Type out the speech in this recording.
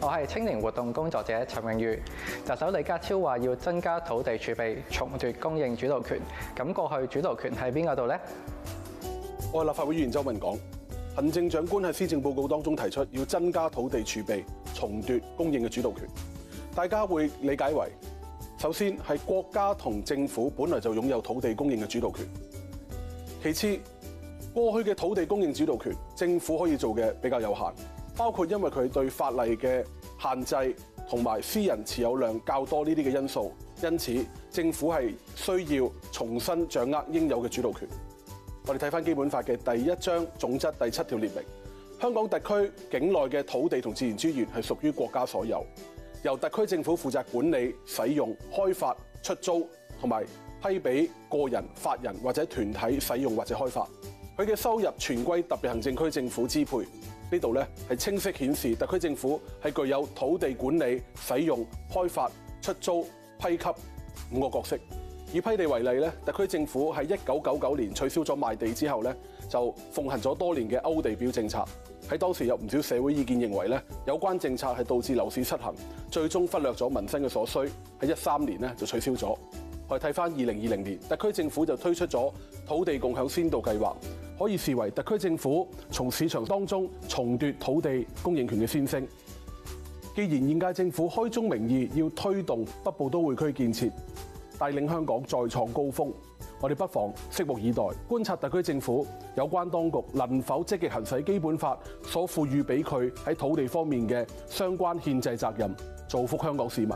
我係青年活動工作者陳永裕。特首李家超話要增加土地儲備，重奪供應主導權。咁過去主導權喺邊個度呢？我係立法會議員周文港，行政長官喺施政報告當中提出要增加土地儲備，重奪供應嘅主導權。大家會理解為，首先係國家同政府本來就擁有土地供應嘅主導權。其次，過去嘅土地供應主導權，政府可以做嘅比較有限。包括因為佢對法例嘅限制，同埋私人持有量較多呢啲嘅因素，因此政府係需要重新掌握應有嘅主導權。我哋睇翻《基本法》嘅第一章總則第七條列明：香港特區境內嘅土地同自然資源係屬於國家所有，由特區政府負責管理、使用、開發、出租同埋批俾個人、法人或者團體使用或者開發。佢嘅收入全歸特別行政區政府支配。呢度咧係清晰顯示特區政府係具有土地管理、使用、開發、出租、批給五個角色。以批地為例咧，特區政府喺一九九九年取消咗賣地之後咧，就奉行咗多年嘅勾地表政策。喺當時有唔少社會意見認為咧，有關政策係導致樓市失衡，最終忽略咗民生嘅所需。喺一三年咧就取消咗。我哋睇翻二零二零年，特區政府就推出咗土地共享先導計劃。可以視為特區政府從市場當中重奪土地供應權嘅先聲。既然現屆政府開宗明義要推動北部都會區建設，帶領香港再創高峰，我哋不妨拭目以待，觀察特區政府有關當局能否積極行使基本法所賦予畀佢喺土地方面嘅相關憲制責任，造福香港市民。